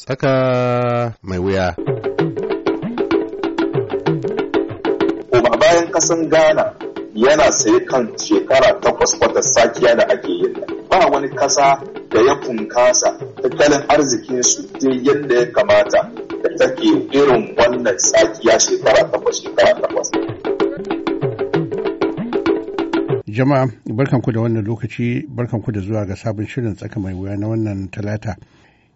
Saka mai wuya. Kuma bayan kasan Ghana yana sayi kan shekara takwas wata sakiya da ake yin ba wani kasa da ya funkasa tattalin arzikinsu dai yadda ya kamata da take irin wannan sakiya shekara takwas shekara takwas. Jama'a barkanku da wannan lokaci barkanku da zuwa ga sabon shirin tsaka mai wuya na wannan talata.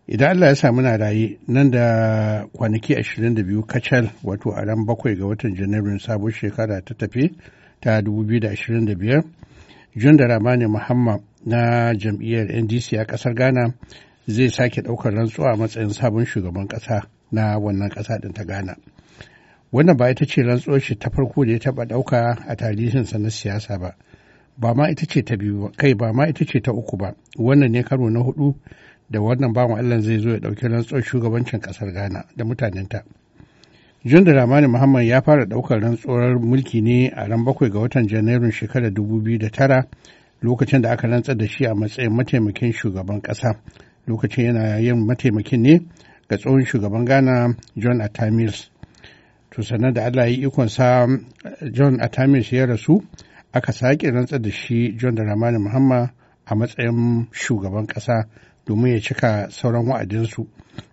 idan Allah ya samu na raye nan da kwanaki 22 kacal wato a ran bakwai ga watan janairun sabon shekara ta tafi ta 2025 jun da ramani muhammad na jam'iyyar ndc a kasar ghana zai sake ɗaukar rantsuwa a matsayin sabon shugaban ƙasa na wannan ƙasa ɗin ta ghana wannan ba ita ce rantsuwar shi ta farko da ya taɓa ɗauka a tarihinsa na siyasa ba ba ma ita ce ta biyu kai ba ma ita ce ta uku ba wannan ne karo na hudu da wannan bawan Allah zai zo ya ɗauki rantsuwar shugabancin ƙasar Ghana da mutanenta. John da Ramani Muhammad ya fara ɗaukar rantsuwar mulki ne a ran bakwai ga watan Janairun shekarar dubu biyu da tara, lokacin da aka rantsar da shi a matsayin mataimakin shugaban ƙasa. Lokacin yana yin mataimakin ne ga tsohon shugaban Ghana John Atamils. To sannan da Allah ya ikon sa John Atamils ya rasu aka sake rantsar da shi John da Ramani Muhammad a matsayin shugaban ƙasa domin ya cika sauran wa'adinsu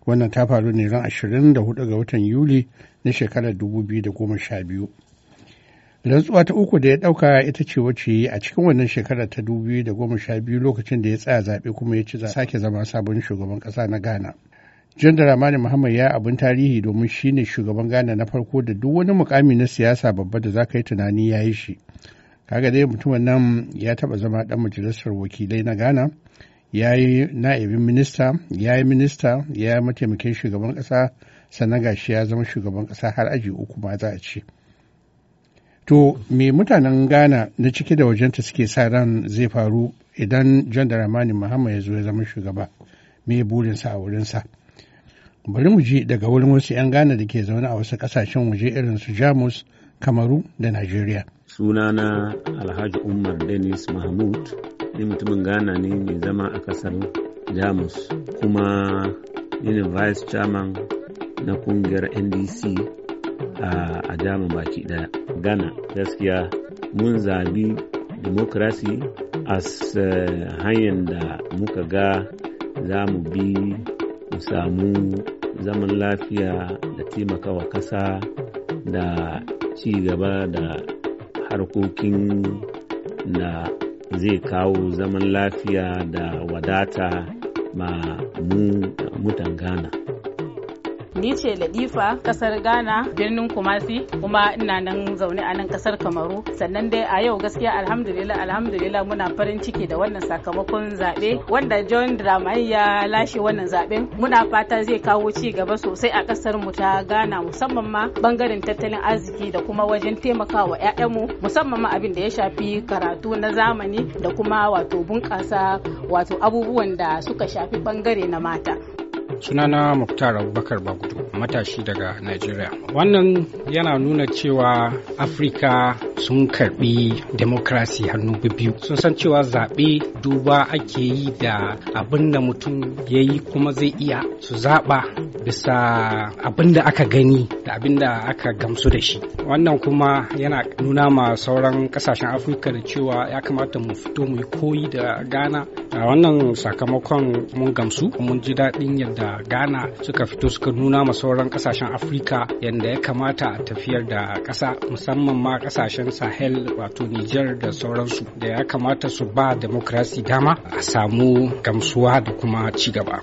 wannan ta faru ne ran 24 ga watan yuli na shekarar 2012 rantsuwa ta uku da ya dauka ita ce wacce a cikin wannan shekarar ta 2012 lokacin da ya tsaya zaɓe kuma ya ci sake zama sabon shugaban ƙasa na ghana jan Ramani Muhammad ya abin tarihi domin shi ne shugaban Ghana na farko da duk wani mukami na siyasa babba da za ka yi tunani ya yi shi. Kaga dai mutumin nan ya taba zama ɗan majalisar wakilai na Ghana, ya yi na'ibin minista ya yi minista ya yi mataimakin shugaban ƙasa sannan gashi ya zama shugaban ƙasa har aji uku ma za a ce to me mutanen ghana na ciki da wajenta suke sa ran zai faru idan john dramani muhammad ya zo ya zama shugaba me burinsa a wurinsa bari mu ji daga wurin wasu 'yan ghana da ke zaune a wasu kasashen waje irin su jamus kamaru da najeriya sunana alhaji umar denis mahmud ni mutumin ghana ne mai zama a kasar jamus kuma ni vice chairman na kungiyar ndc a jamus baki daya ghana gaskiya mun zabi democracy as eh, hanyar da muka ga za mu bi mu samu zaman lafiya da taimakawa kasa da ci gaba da harkokin da zai kawo zaman lafiya da wadata ma mu mutan Ghana. Ni ce Ladifa kasar Ghana birnin Kumasi kuma ina nan zaune a nan kasar Kamaru. Sannan dai a yau gaskiya alhamdulillah alhamdulillah muna farin ciki da wannan sakamakon zaɓe wanda John Dramani ya lashe wannan zaɓen. Muna fata zai kawo ci gaba sosai a kasar mu ta Ghana musamman ma bangaren tattalin arziki da kuma wajen taimakawa ƴaƴanmu musamman ma abin da ya shafi karatu na zamani da kuma wato bunƙasa wato abubuwan da suka shafi bangare na mata. sunana muktar abubakar bagudu matashi daga nigeria wannan yana nuna cewa afirka sun karbi demokrasi hannu biyu sun san cewa zaɓe duba ake yi da abin da mutum ya yi kuma zai iya su zaɓa bisa abin da aka gani da abin da aka gamsu da shi wannan kuma yana nuna ma sauran ƙasashen afirka da cewa ya kamata mu fito mu yi koyi da gana. a wannan sakamakon mun gamsu mun ji daɗin yadda da ghana suka fito suka nuna ma sauran kasashen afirka yadda ya kamata a tafiyar da kasa musamman ma kasashen sahel wato niger da sauransu da ya kamata su ba demokrasi dama a samu gamsuwa da kuma ci gaba.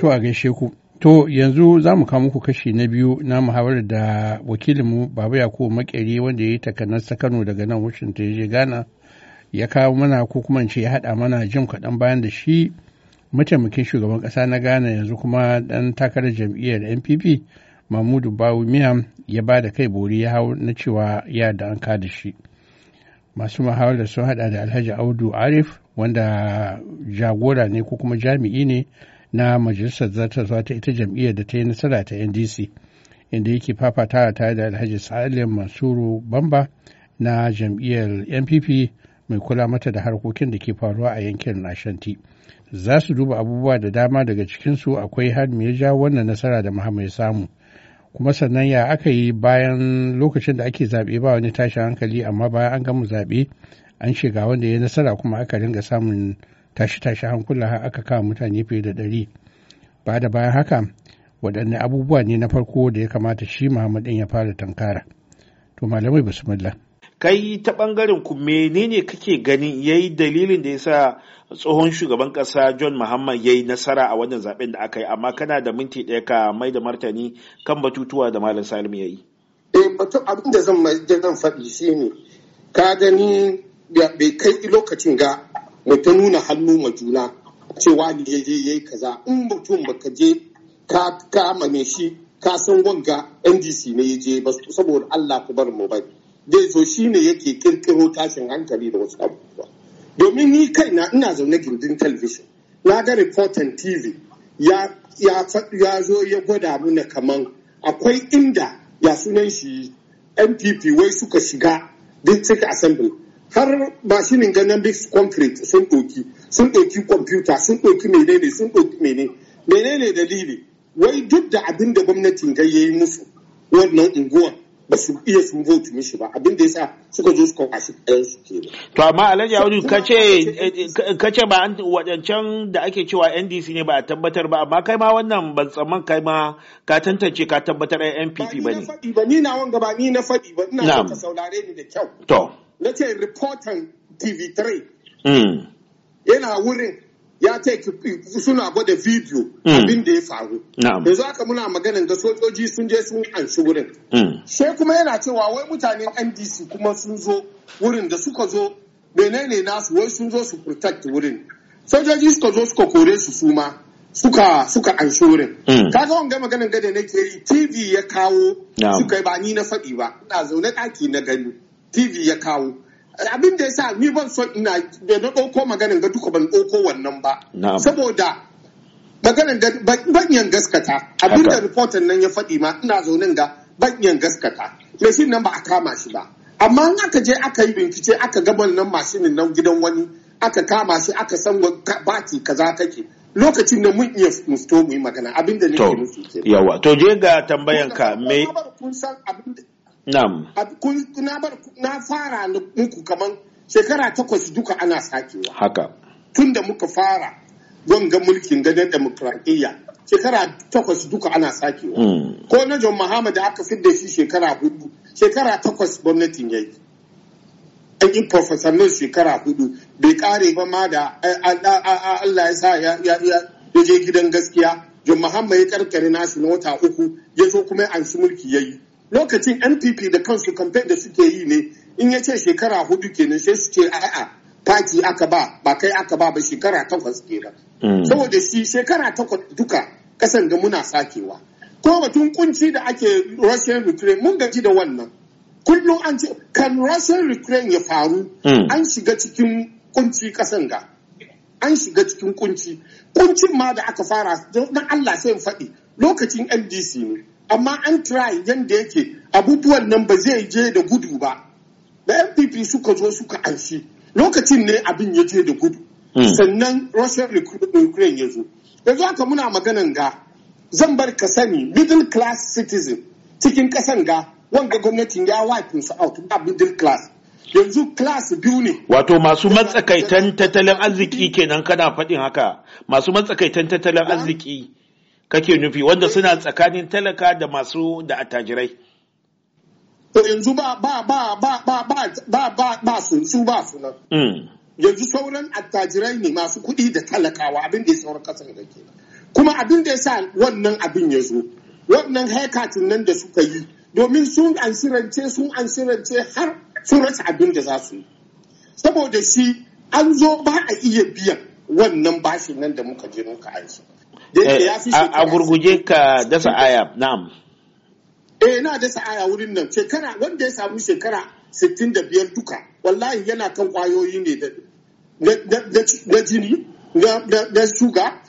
To a gaishe ku. To yanzu za mu kawo muku kashi na biyu na muhawarar da wakilinmu Baba Yakubu Makeri wanda ya yi takanar Kano daga nan Washington ya je Ghana ya kawo mana ko kuma ce ya haɗa mana jin kaɗan bayan da shi mataimakin shugaban ƙasa na ghana yanzu kuma ɗan takarar jam'iyyar npp mahmudu bawumia ya ba da kai bori ya hau na cewa ya da an da shi masu muhawarar sun hada da alhaji audu arif wanda jagora ne ko kuma jami'i ne na majalisar zartarwa ta ita jam'iyyar da ta yi nasara ta ndc inda yake fafatawa tare da alhaji salim mansuru bamba na jam'iyyar npp mai kula mata da harkokin da ke faruwa a yankin Ashanti. Za su duba abubuwa da dama daga cikinsu akwai har me ya ja wannan nasara da Muhammad ya samu. Kuma sannan ya aka yi bayan lokacin da ake zaɓe ba wani tashin hankali amma bayan an gama zaɓe an shiga wanda ya nasara kuma aka ringa samun tashi-tashi hankula har aka kama mutane fiye da ɗari. Ba da bayan haka waɗanne abubuwa ne na farko da ya kamata shi Muhammad ɗin ya fara tankara. To malamai bismillah. kai ta bangaren ku menene kake gani? yayi dalilin da yasa tsohon shugaban kasa John Muhammad yayi nasara a wannan zaben da aka yi amma kana da minti ɗaya ka mai da martani kan batutuwa da Malam Salim yayi eh batun abin da zan zan faɗi shine ka gani bai kai lokacin ga mu ta nuna hannu ma juna cewa ni ya je yayi kaza in mutum baka je ka kama ne shi ka san wanga NDC ne ya je ba saboda Allah ku bar mu bai zai zo shi ne yake kirkiro tashin hankali da wasu abubuwa domin ni kai na ina zaune gindin talabishin na ga reportan tv ya zo ya gwada mana kaman akwai inda ya sunan shi npp wai suka shiga district assembly har mashinin ganin big concrete sun ɗoki sun ɗoki computer sun ɗoki menene sun ɗoki menene dalili wai duk da abin da gwamnatin ga yayi musu wannan unguwar ba su iya sun vote mishi ba abin da yasa suka zo suka kwashi ɗayan su ke to amma alhaji audu kace kace eh, eh, ba wadancan da ake cewa NDC ne ba a tabbatar ba amma kai ma wannan ban tsamman kai ma ka tantance ka tabbatar ai NPP ba ne ba ni na wanga ba ni na faɗi ba ina ka saurare ni da kyau to nace reporting TV3 hmm. yana wurin ya ce suna gwada bidiyo hmm. abin da ya faru yanzu haka muna maganin da sojoji sun je sun anshi wurin hmm. sai kuma yana cewa wai mutanen ndc kuma sun zo wurin da suka zo menene nasu wai sun zo su protect wurin sojoji suka zo suka kore su suma suka suka anshi wurin hmm. kaga wanga maganin gada na yi tv ya kawo suka yi ba ni na faɗi ba ina zaune ɗaki na gani tv ya kawo abin da ya sa ni ban so ina da na ɗauko maganin ga duka ban ɗauko wannan ba saboda maganin ga banyan gaskata abin da reporter nan ya faɗi ma ina zaunin ga banyan gaskata mai shi nan ba a kama shi ba amma in aka je aka yi bincike aka ga nan mashinin nan gidan wani aka kama shi aka san bati kaza take lokacin da mun iya musto mu yi magana abin da ke nufi yawa to je ga tambayanka mai. me kun san abin Na fara muku kaman shekara takwas duka ana sakewa. Haka. Tun da muka fara wanga mulkin gadon demokradiyya shekara takwas duka ana sakewa. Hmm. Ko na John Muhammad da aka fidda shi shekara hudu, shekara takwas gwamnatin ya yi. An yi profesannin shekara hudu, bai kare ba ma da Allah ya sa ya je gidan gaskiya. John Muhammad ya karkare nasu na wata uku, ya zo kuma an shi mulki ya yi. lokacin npp da kansu kamfe da suke yi ne in ya ce shekara hudu kenan sai suke a'a fati aka ba ba kai aka ba ba shekara takwas kenan mm. saboda shi shekara takwas duka kasan da muna sakewa ko batun kunci da ake russian ukraine mun gaji da wannan kullum an ce kan russian ukraine ya faru mm. an shiga cikin kunci kasan ga an shiga cikin kunci kuncin ma da aka fara don allah sai faɗi lokacin ndc ne amma an try yadda yake abubuwan nan ba zai je da gudu ba da npp suka zo suka anshi lokacin ne abin ya je da gudu hmm. sannan russian ukraine ya zo yanzu haka muna maganan ga zan bar ka sani middle class citizen cikin kasan ga wanga gwamnatin ya wipe su out ba middle class yanzu class biyu ne wato masu matsakaitan tattalin arziki kenan kana faɗin haka masu matsakaitan tattalin arziki kake nufi wanda suna tsakanin talaka da masu da attajirai to yanzu ba ba ba ba ba ba ba ba ba su su ba su nan mm. yanzu sauran attajirai ne masu kuɗi da talakawa abin da ya sauran kasar da ke kuma abin da ya sa wannan abin ya zo wannan haikatin nan da suka yi domin sun ansirance sun ansirance har sun rasa abin da za su yi saboda shi an zo ba a iya biyan wannan bashin nan da muka je muka aiki Eh, a gurguje ka dasa aya na'am eh na dasa aya wurin nan shekara wanda ya samu shekara 65 duka wallahi yana kan kwayoyi ne da jini da shuga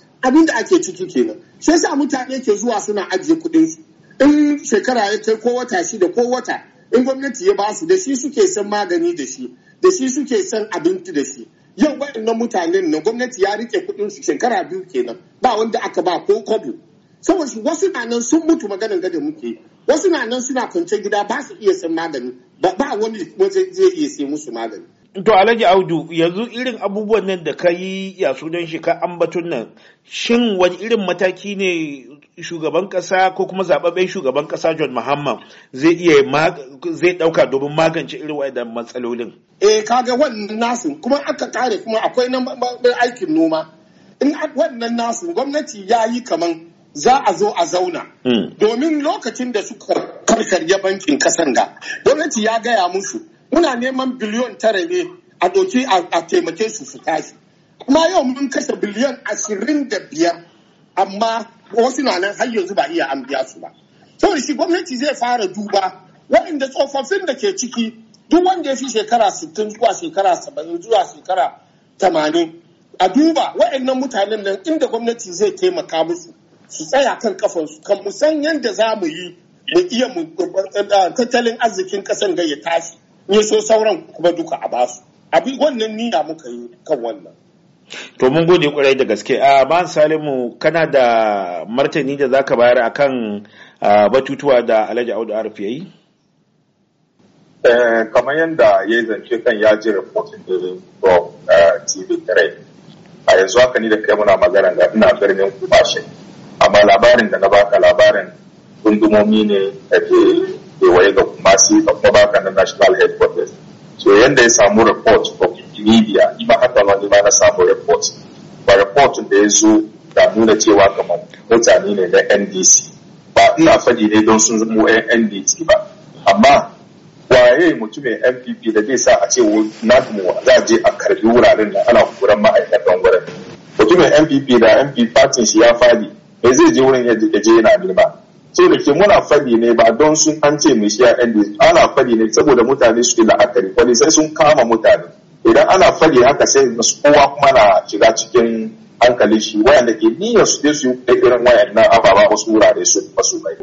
ake ciki kenan sai sa mutane ke zuwa suna ajiye kuɗin su in shekara ya kai ko wata shida ko wata in gwamnati ya ba su da shi suke san magani da shi da shi suke san abinci da shi yau waɗannan mutanen na gwamnati ya rike kudin su shekara biyu kenan ba wanda aka ba ko kobo saboda wasu na nan sun mutu maganar gada muke wasu na nan suna kwance gida ba su iya san magani ba wani wajen zai iya sai musu magani To Alhaji Audu yanzu irin abubuwan nan da ka yi ya sunan shi ka ambatun nan shin wani irin mataki ne shugaban kasa ko kuma zababben shugaban kasa John Muhammad zai iya zai dauka domin magance irin waɗannan matsalolin. Eh kaga wannan nasin kuma aka kare kuma akwai na aikin noma. In wannan nasin gwamnati ya yi kaman za a zo a zauna. Hmm. Domin lokacin da suka karkarya bankin kasan ga gwamnati ya gaya musu muna neman biliyon tara ne a doki a taimake su su tashi kuma yau mun kashe biliyon ashirin da biyar amma wasu na nan har yanzu ba iya an biya su ba saboda shi gwamnati zai fara duba waɗanda tsofaffin da ke ciki duk wanda ya fi shekara sittin zuwa shekara saba'in zuwa shekara tamanin a duba waɗannan mutanen nan inda gwamnati zai taimaka musu su tsaya kan kafansu kan mu san yadda za mu yi mu iya eh, tattalin arzikin ƙasan ga ya tashi in so sauran kuma duka a basu abin wannan niyya muka yi kan wannan to mun gode kwarai da gaske a ah, ban salimu kana da martani da zaka bayar akan ah, batutuwa da alhaji audu arfi yayi eh, kamar yadda ya zance kan ya ji rahoton da from tv3 a yanzu haka ni da kai muna magana da ina birnin shi amma labarin da na baka labarin gundumomi ne da ke kewaye da kumasi da kuma baka na national headquarters so yadda ya samu report from media ima haka ma ma na samu report ba report da ya zo da nuna cewa kamar mutane ne na ndc ba ina faɗi ne don sun zama ndc ba amma waye mutumin mpp da zai sa a ce na za a je a karbi wuraren da ana kuran ma'aikatan wurin mutumin mpp da mp fatin shi ya fadi bai zai je wurin ya je yana nema sai da ke muna faɗi ne ba don sun an ce mai shi yan ana fadi ne saboda mutane suke la'akari wani sai sun kama mutane idan ana faɗi haka sai masu kowa kuma na shiga cikin hankali shi wayanda ke niyyar su dai su yi da irin wayannan ababa wasu wurare su ba su mai.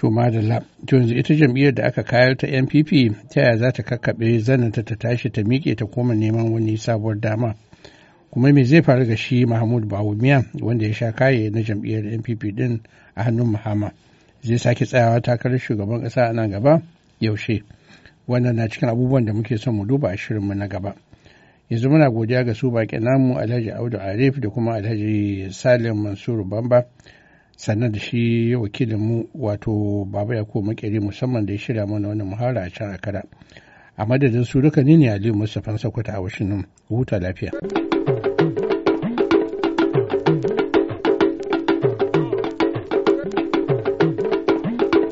To madalla, to yanzu ita jam'iyyar da aka kayar ta NPP ta yaya za ta kakkaɓe ta ta tashi ta miƙe ta koma neman wani sabuwar dama. kuma me zai faru ga shi mahmud bawumiya wanda ya sha kaye na jam'iyyar npp din a hannun muhammad zai sake tsayawa takarar shugaban ƙasa a nan gaba yaushe wannan na cikin abubuwan da muke son mu duba a shirinmu na gaba yanzu muna godiya ga su baƙi namu alhaji audu arif da kuma alhaji salim mansuru bamba sannan da shi wakilinmu wato baba Yakubu makeri musamman da ya shirya mana wannan muhara a can kara a madadin su duka ni ne aliyu mustapha sakwata a washinin huta lafiya.